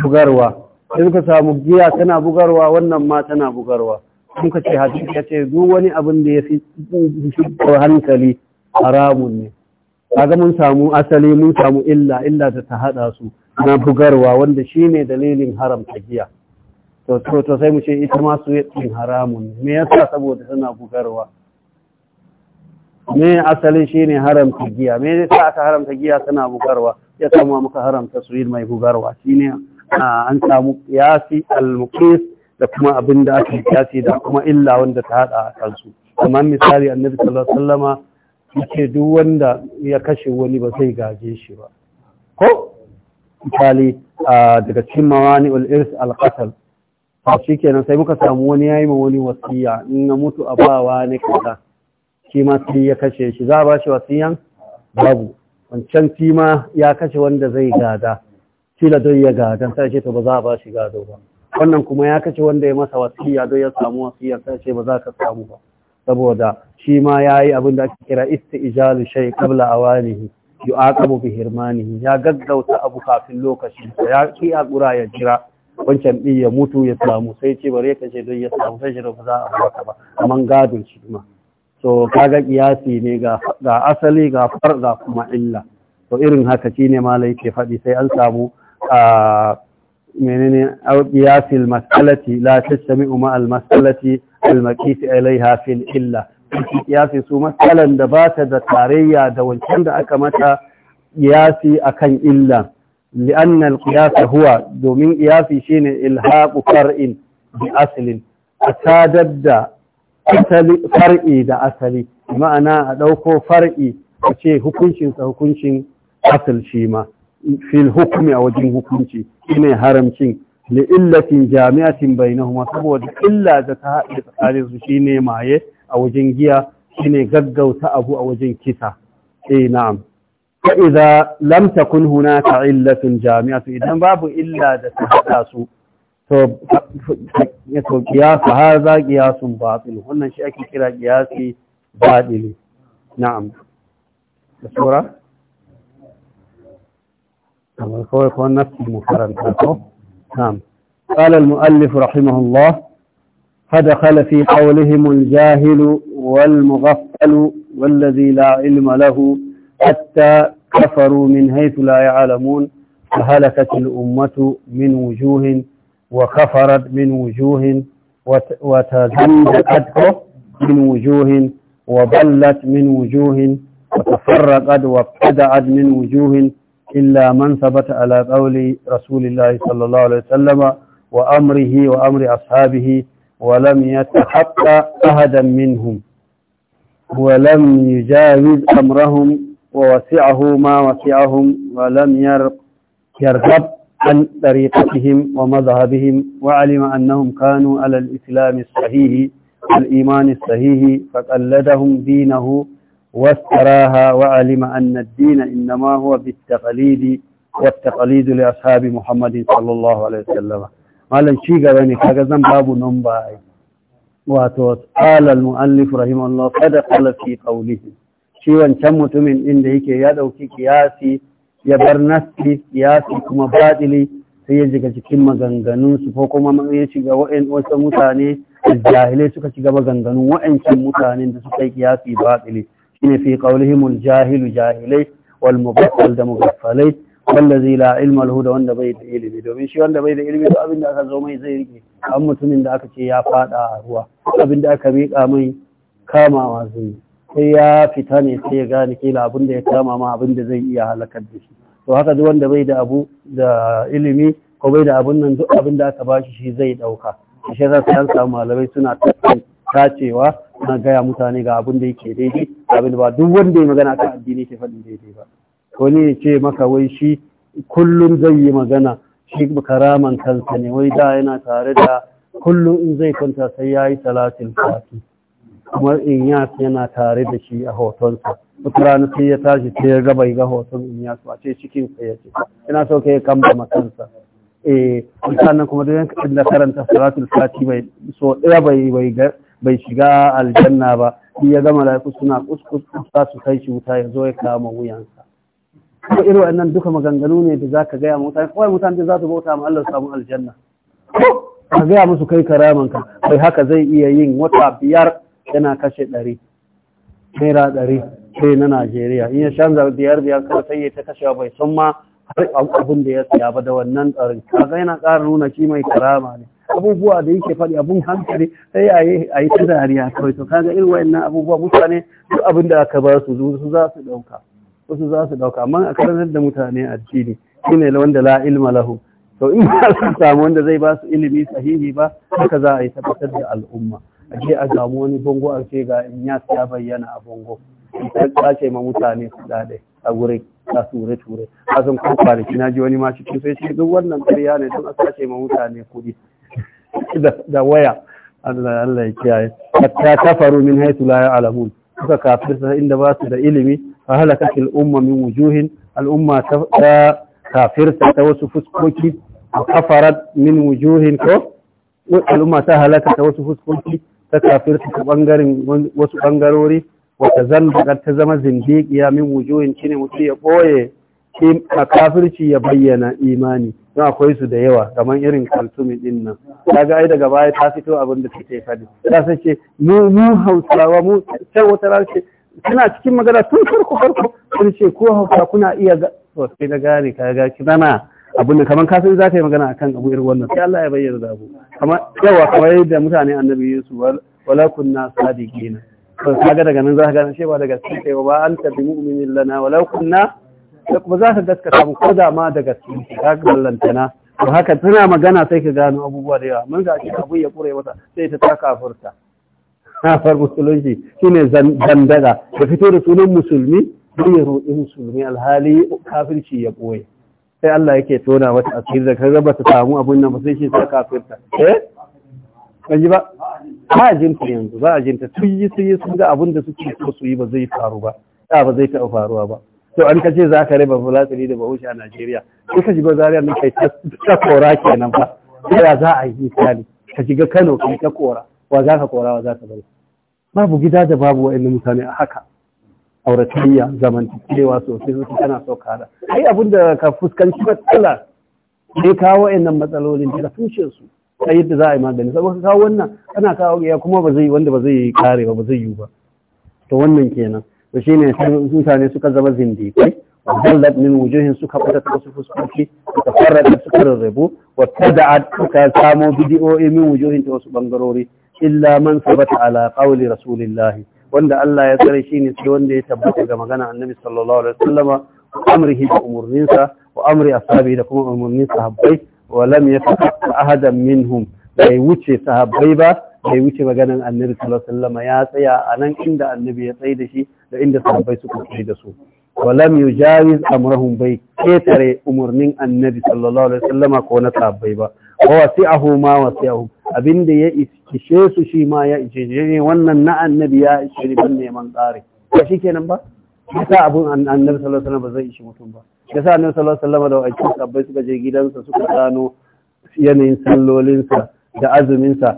bugarwa sai ka samu giya tana bugarwa wannan ma tana bugarwa muka ce hadisi ya ce duk wani abin da ya fi hankali haramun ne kaga mun samu asali mun samu illa illa da ta hada su na bugarwa wanda shine dalilin haramta giya to sai mu ce ita ma su yin haramun me yasa saboda tana bugarwa me asali shine haramta giya me yasa aka haramta giya tana bugarwa ya samu muka haramta su yin mai bugarwa shine an samu yasi al-muqis da kuma abin da aka kyasi da kuma illa wanda ta hada a kansu kamar misali annabi sallallahu alaihi wasallama yake duk wanda ya kashe wani ba zai gaje shi ba ko misali daga cikin mawani ul-irs al-qatl shi kenan sai muka samu wani yayi ma wani wasiya in na mutu a bawa ne kaza shi ma sai ya kashe shi za a ba shi wasiyan babu wancan shi ma ya kashe wanda zai gada kila don ya gada sai ce to ba za a ba shi gado ba wannan kuma ya kace wanda ya masa wasiya don ya samu wasiya sai ce ba za ka samu ba saboda shi ma ya yi abin da ake kira isti'ijalu shay qabla awanihi aqabu bi hirmanihi ya gaggauta abu kafin lokaci ya ki gura ya jira wancan din ya mutu ya samu sai ce bare ka don ya samu sai jira ba za a baka ba amma gadin shi ma so kaga kiyasi ne ga ga asali ga far kuma illa to irin haka shine malai ke faɗi sai an samu a ah, menene auqiya fil mas'alati la tashmi'u ma al mas'alati al maqis fil illa kiyasi su matsalan da ba ta da tarayya da wancan da aka mata kiyasi akan illa li'anna al-qiyas huwa domin kiyasi shine ilhaqu far'in bi aslin atadad da asali far'i da asali ma'ana a dauko far'i a ce hukuncin sa hukuncin asal shi ma fil hukumi a wajen hukunci shine haramcin li illatin jami'atin bainahuma saboda illa da ta haɗe tsakanin su shine maye a wajen giya shine gaggauta abu a wajen kisa eh na'am fa idza lam takun hunaka illatun jami'atu idan babu illa da ta haɗa su to ya to qiyasu hadha qiyasun batil wannan shi ake kira qiyasi batili na'am da sura نفس نعم قال المؤلف رحمه الله فدخل في قولهم الجاهل والمغفل والذي لا علم له حتى كفروا من حيث لا يعلمون فهلكت الأمة من وجوه وكفرت من وجوه وتزندقت من وجوه وضلت من وجوه وتفرقت وابتدعت من وجوه إلا من ثبت على قول رسول الله صلى الله عليه وسلم وأمره وأمر أصحابه ولم يتحقق أحدا منهم ولم يجاوز أمرهم ووسعه ما وسعهم ولم يرغب عن طريقتهم ومذهبهم وعلم أنهم كانوا على الإسلام الصحيح والإيمان الصحيح فقلدهم دينه واستراها وعلم أن الدين إنما هو بالتقليد والتقليد لأصحاب محمد صلى الله عليه وسلم ما لن شيء قبني كذا باب نمبا واتوت قال المؤلف رحمه الله صدق في قوله شيء وانشم من عنده ديك يدو كي قياسي يبرنسي قياسي كما بادلي sai ya shiga cikin maganganunsu ko kuma ya shiga wasu mutane jahilai suka shiga maganganun wa'ancan mutanen da suka yi kiyasi shine fi qawlihimul jahilu jahilai wal mubaffal da mubaffalai wallazi la ilma lahu da wanda bai da ilimi domin shi wanda bai da ilimi to aka zo mai zai rike an mutumin da aka ce ya fada a ruwa Abinda aka miƙa mai kamawa zai sai ya fita ne sai ya gane kila abin da ya kama ma abinda zai iya halakar da shi to haka duk wanda bai da abu da ilimi ko bai da abun nan duk abinda aka bashi shi zai dauka shi yasa sai an samu malamai suna tacewa na gaya mutane ga abin da yake daidai abin da ba duk wanda ya magana kan addini ke faɗin daidai ba wani ya ce maka wai shi kullum zai yi magana shi karaman kansa ne wai da yana tare da kullum in zai kwanta sai ya yi salatin fati in inyas yana tare da shi a hotonsa wata rana sai ya tashi sai ya gaba ga hoton inyas a ce cikin sa ya ce yana so ka kamba makansa eh sannan kuma duk da karanta salatul fati bai so daya bai bai bai shiga aljanna ba shi ya gama laifu suna kuskus za su kai shi wuta ya zo ya kama wuyansa kuma irin wannan duka maganganu ne da zaka gaya ma mutane kawai mutane da za su bauta ma Allah samu aljanna ka gaya musu kai karaman ka bai haka zai iya yin wata biyar yana kashe ɗari naira ɗari sai na Najeriya in ya canza biyar biyar kawai sai ya ta kashewa bai san ma har abin da ya siya ba da wannan tsarin kaga yana ƙara nuna shi mai karama ne abubuwa da yake faɗi abun hankali sai a yi ta dariya kawai to kaga irin wayannan abubuwa mutane duk abin da aka ba su su za su ɗauka wasu za su ɗauka amma a karantar da mutane addini shine wanda la ilma lahu to in ba su samu wanda zai ba su ilimi sahihi ba haka za a yi tabbatar da al'umma a je a samu wani bango a ce ga in ya bayyana a bongo in ta kace ma mutane su dade a gurin a ture ture a san kwanaki na ji wani ma cikin sai shi duk wannan ƙarya ne don a kace ma mutane kuɗi da waya Allah Allah ya kiyaye hatta kafaru min haythu la ya'lamun suka kafirta inda ba su da ilimi fa halakat al umma min wujuhin al umma ta kafirta ta wasu fuskoki kafarat min wujuhin ko al umma ta halaka ta wasu fuskoki ta kafirta ta bangaren wasu bangarori wata zandaka ta zama zindiqiya min wujuhin shine mutum ya ɓoye a kafirci ya bayyana imani don akwai su da yawa kamar irin kaltumin din nan ga ai daga baya ta fito abin da take faɗi ta ce mu mu hausawa mu sai wata ran ce kina cikin magana tun farko farko sun ce ko hausa kuna iya ga to sai na gane ki kidana abin da kamar kasan za ka yi magana akan abu irin wannan sai Allah ya bayyana da abu kamar yawa kamar yadda mutane annabi Yesu wala kunna sadiqina to kaga daga nan za ka gane cewa daga cikin ba anta bi mu'minin lana wala kunna ba za ka gaskata ba ko da ma da gaske ka lantana. to haka tana magana sai ka gano abubuwa da yawa mun ga shi abu ya kure masa sai ta taka furta kafar musulunci shine zandaga da fito da sunan musulmi da ya roƙi musulmi alhali kafirci ya ɓoye sai Allah yake tona wata asiri da kaga ba ta samu abun nan ba sai shi ta kafirta eh ban ji ba ba a jinta yanzu ba a jinta sun yi sun yi sun ga abun da suke so su yi ba zai faru ba da ba zai taɓa faruwa ba to an kace za ka raba fulatiri da bahaushe a Najeriya sai ka shiga Zariya nan kai ta kora kenan fa ya za a yi misali ka shiga Kano kai ta kora wa za ka kora wa za ka bari babu gida da babu wa'annan mutane a haka auratayya zamantakewa sosai sosai tana so da. ai abin da ka fuskanci matsala ne kawo wa'annan matsalolin daga tushen su ta yadda za a yi magani saboda kawo wannan kana kawo ya kuma ba zai wanda ba zai kare ba ba zai yi ba to wannan kenan to shine mutane suka zama zindikai wadallat min wujuhin suka fita ta wasu fuskoki ta farrata suka rarrabu wata da suka samo bidiyoyi min wujuhin ta wasu bangarori illa man sabata ala qawli rasulillah wanda Allah ya tsare ne sai wanda ya tabbata ga magana annabi sallallahu alaihi wasallama amrihi da umurninsa wa amri ashabi da kuma umurnin sahabbai wa lam yataqatta ahadan minhum bai wuce sahabbai ba bai wuce maganan annabi sallallahu alaihi wasallama ya tsaya a nan inda annabi ya tsaye da shi da inda sahabbai suka kai da su walam yujawiz amrahum bai ketare umurnin annabi sallallahu alaihi wasallama ko na sahabbai ba wa wasi'ahu ma wasi'ahu abinda ya ishe su shi ma ya ishe ne wannan na annabi ya ishe ne ban neman tsari ba shikenan ba yasa abun annabi sallallahu alaihi wasallam ba zai ishe mutum ba yasa annabi sallallahu alaihi wasallam da wakin sahabbai suka je gidansa suka gano yanayin sallolinsa da azuminsa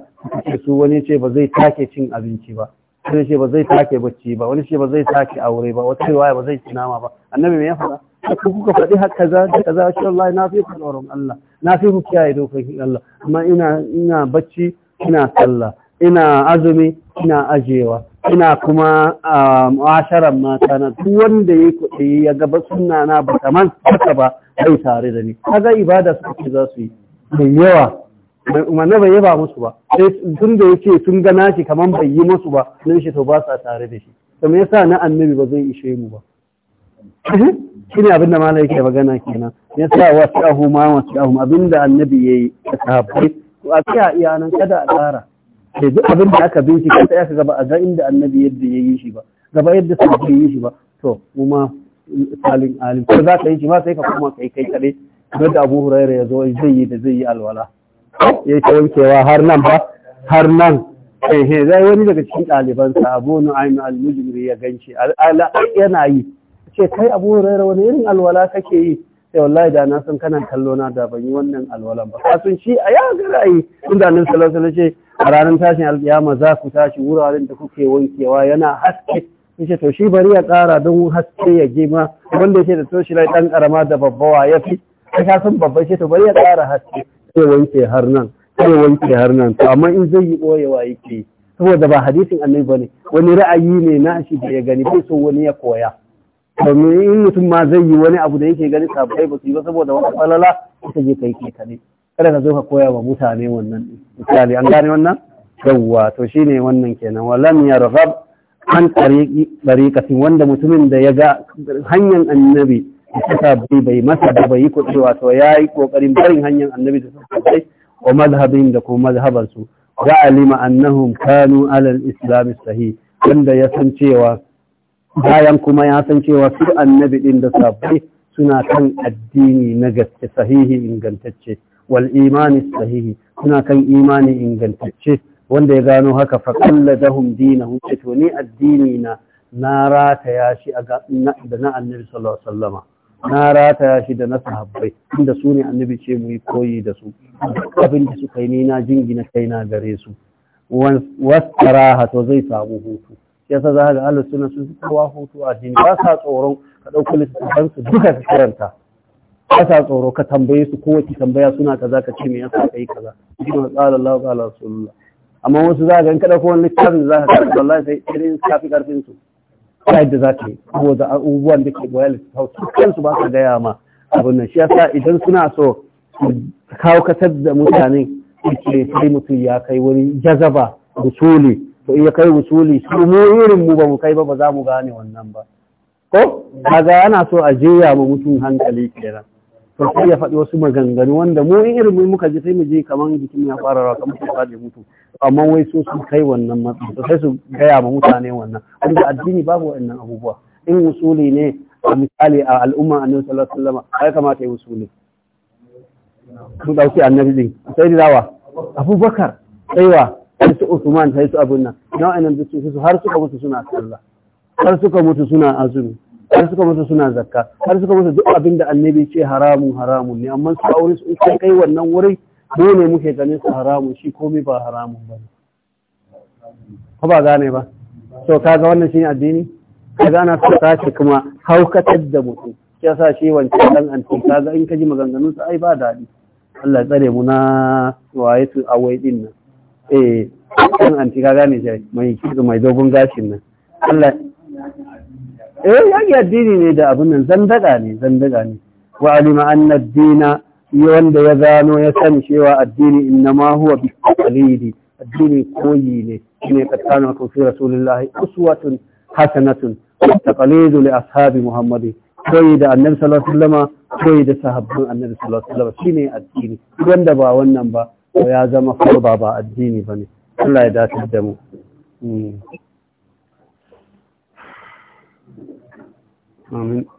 su wani ce ba zai take cin abinci ba wani ce ba zai sake bacci ba wani ce ba zai sake aure ba wata riwaya ba zai ci nama ba annabi me ya faɗa ko kuka faɗi haka kaza da kaza shi Allah na fi ku Allah na fi ku kiyaye dokokin Allah amma ina ina bacci ina sallah ina azumi ina ajewa ina kuma mu'asharan mata na duk wanda ya kuɗi ya ba sunna na ba kaman haka ba zai tare da ni kaga ibada suke za su yi mai yawa manna bai yaba musu ba sai tun da yake sun gana shi kamar bai yi musu ba nan shi to ba sa tare da shi to me yasa na annabi ba zai ishe mu ba shine abin da malai ke magana kenan yasa wasu ma wasahu abin da annabi yi a sahabbai to a kiya iyanan kada a tsara sai eh, duk abin da aka bincika sai aka gaba a ga inda annabi yadda ya yi shi ba gaba yadda ke yi shi ba to kuma salin alim ko za ka yi shi ma sai ka koma kai kai kare da Abu Huraira ya zo zai yi da zai yi alwala ya ta wankewa har nan ba har nan ehe zai wani daga cikin ɗalibansa abu nu'aymi al-mujmiri ya ganci al'ala yana yi ce kai abu hurairah wani irin alwala kake yi sai wallahi da na san kana kallo na da ban yi wannan alwalan ba kasan shi a ya ga ra'ayi inda nan ce a ranar tashin alƙiyama za ku tashi wuraren da kuke wankewa yana haske yace to shi bari ya ƙara don haske ya gima wanda yake da toshi lai dan karama da babbawa ya fi ka babba ce to bari ya ƙara haske sai wanke har nan wanke har nan to amma in zai yi boyewa yake saboda ba hadisin annabi bane wani ra'ayi ne na shi da ya gani bai so wani ya koya domin in mutum ma zai yi wani abu da yake gani sabai ba su yi ba saboda wata falala ita je kai ke kare kada ka zo ka koya wa mutane wannan misali an gane wannan yawwa to shine wannan kenan walam yarghab an tariqi tariqatin wanda mutumin da ya ga hanyar annabi saka bai bai masa da bai yi kuɗi wato ya yi ƙoƙarin barin hanyar annabi da suka kai wa mazhabin da kuma mazhabansu wa alima annahum kanu alal islam sahi. wanda ya san cewa bayan kuma ya san cewa su annabi din da sabbai suna kan addini na gaske sahihi ingantacce wal imani sahihi suna kan imani ingantacce wanda ya gano haka fa qalladahum dinahum to ni addini na na rataya shi da na annabi sallallahu alaihi wasallama na rataya shi da na sahabbai inda su ne annabi ce mu yi koyi da su abin da suka yi ni na jingina na gare su wasaraha to zai samu hutu yasa za ga Allah suna sun kawo hutu a jini ba sa tsoron ka ɗauki littattafan su duka su karanta ba sa tsoro ka tambaye su kowace tambaya suna kaza ka ce me yasa kai kaza shi ma tsala Allah ta'ala rasulullah amma wasu za ga in ka dauko wani littafin za ka karanta wallahi sai irin kafi karfin su ta da za ta yi da abubuwan da ke goya littattafai su ba su gaya ma abin nan shi yasa idan suna so su kawo kasar da mutane ke sai mutum ya kai wani jazaba wusuli to iya kai wusuli su mu irin mu ba mu kai ba ba za mu gane wannan ba ko kaga ana so a jeya ma mutum hankali kenan to sai ya faɗi wasu maganganu wanda mu irin mu muka ji sai mu je kaman jikin ya fara rawa kamar ya faɗi mutum amma wai so sun kai wannan matsayi sai su gaya ma mutane wannan wanda addini babu wannan abubuwa in usuli ne a misali a al'umma annabi sallallahu alaihi wasallam ai kamata ya usuli su dauki annabi din sai dawa abubakar saiwa sai su usman sai su abun nan na wa'annan duk su har suka mutu suna sallah har suka mutu suna azumi har suka mutu suna zakka har suka mutu duk abin da annabi ce haramun haramun ne amma su aure su kai wannan wuri mu ne muke ganin su haramun shi komai ba haramun ba ne ko ba gane ba so kaga wannan shi ne addini kaga ana so ta ce kuma haukatar da mutum shi yasa shi wancan dan ka kaga in ka ji maganganun sa ai ba daɗi Allah ya tsare mu na waye su a wai ɗin nan eh dan anti kaga ne shi mai mai dogon gashin nan Allah eh ya addini ne da abin nan zandaga ne zandaga ne wa alima anna dina shi wanda ya gano ya sani cewa addini ma huwa bi qalidi addini koyi ne shine katsana ko fi rasulullahi uswatun hasanatun taqalidu li ashabi muhammadi koyi da annabi sallallahu alaihi wasallam koyi da sahabban annabi sallallahu alaihi wasallam shine addini wanda ba wannan ba ya zama farba ba addini bane Allah ya dace da mu hmm. Amin.